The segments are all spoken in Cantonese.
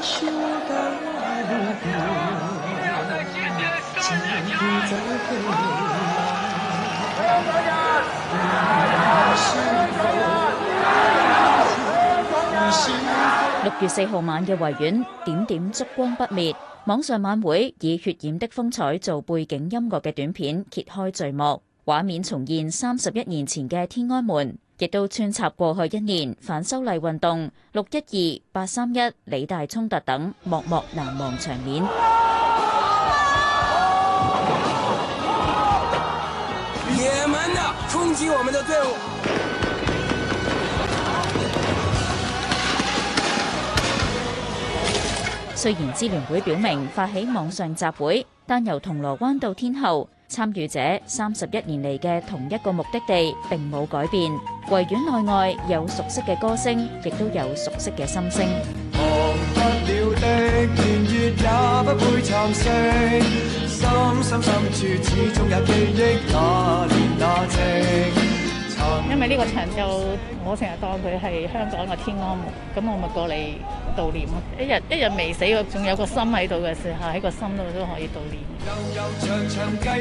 六月四號晚嘅維園，點點燭光不滅，網上晚會以血染的風采做背景音樂嘅短片，揭開序幕，畫面重現三十一年前嘅天安門。亦都穿插過去一年反修例運動、六一二、八三一、理大衝突等幕幕難忘場面。雖然支聯會表明發起網上集會，但由銅鑼灣到天后。參與者三十一年嚟嘅同一個目的地並冇改變，維園內外有熟悉嘅歌聲，亦都有熟悉嘅心聲。因為呢個長洲，我成日當佢係香港嘅天安門，咁我咪過嚟悼念咯。一日一日未死，我仲有個心喺度嘅時候，喺個心度都可以悼念。看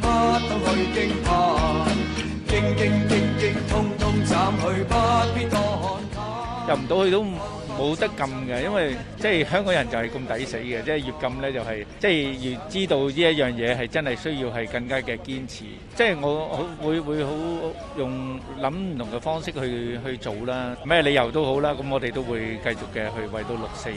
看。不不去去，怕。通通斬去，不必多看入唔到去都唔。冇得禁嘅，因為即係香港人就係咁抵死嘅，即係越禁咧就係即係越知道呢一樣嘢係真係需要係更加嘅堅持，即係我好會會好用諗唔同嘅方式去去做啦，咩理由都好啦，咁我哋都會繼續嘅去為到六四嘅。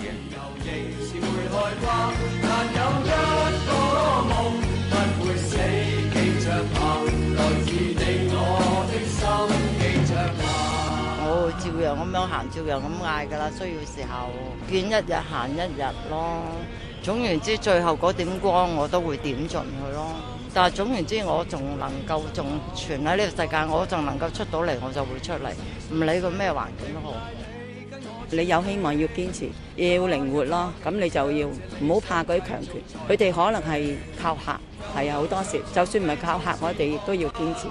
照樣咁樣行，照樣咁嗌㗎喇。需要時候，見一日行一日咯。總言之，最後嗰點光，我都會點盡佢咯。但係總言之，我仲能夠仲存喺呢個世界，我仲能夠出到嚟，我就會出嚟，唔理個咩環境都好。你有希望要堅持，要靈活咯。咁你就要唔好怕嗰啲強權，佢哋可能係靠嚇，係啊，好多時就算唔係靠嚇，我哋都要堅持。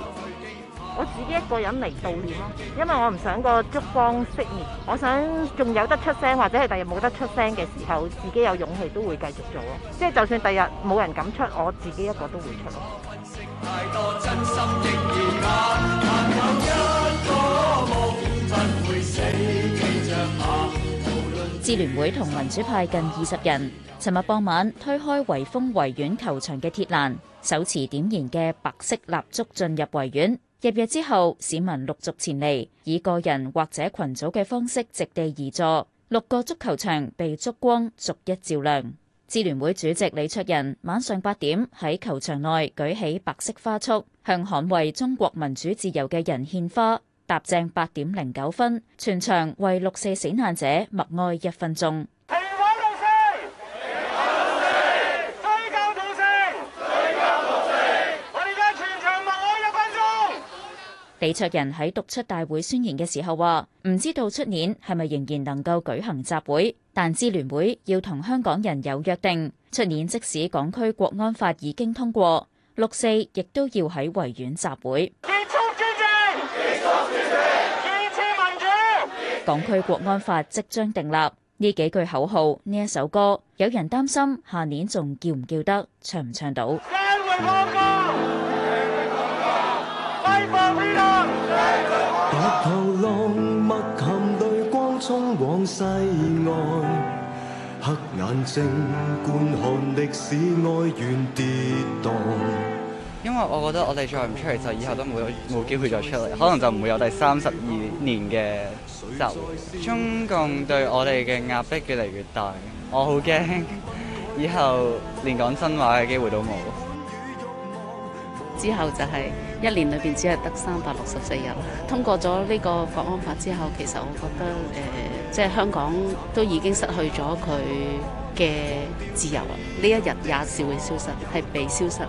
我自己一個人嚟悼念咯，因為我唔想個燭光熄滅，我想仲有得出聲，或者係第日冇得出聲嘅時候，自己有勇氣都會繼續做咯。即係就算第日冇人敢出，我自己一個都會出。支聯會同民主派近二十人，尋日傍晚推開維風維園球場嘅鐵欄，手持點燃嘅白色蠟燭進入維園。入夜之後，市民陸續前嚟，以個人或者群組嘅方式，席地而坐。六個足球場被燭光逐一照亮。支聯會主席李卓人晚上八點喺球場內舉起白色花束，向捍衛中國民主自由嘅人獻花。踏正八點零九分，全場為六四死難者默哀一分鐘。李卓人喺讀出大會宣言嘅時候話：唔知道出年係咪仍然能夠舉行集會，但支聯會要同香港人有約定，出年即使港區國安法已經通過，六四亦都要喺維園集會。結束專制，結束專制，堅持民主。港區國安法即將訂立，呢幾句口號，呢一首歌，有人擔心下年仲叫唔叫得，唱唔唱到。白頭浪默琴淚光衝往西外，黑眼睛觀看歷史哀怨跌宕。因為我覺得我哋再唔出嚟，就以後都冇冇機會再出嚟，可能就唔會有第三十二年嘅。就中共對我哋嘅壓迫越嚟越大，我好驚，以後連講真話嘅機會都冇。之後就係一年裏邊只係得三百六十四日。通過咗呢、這個《國安法》之後，其實我覺得誒，即、呃、係、就是、香港都已經失去咗佢嘅自由啦。呢一日也是會消失，係被消失啦。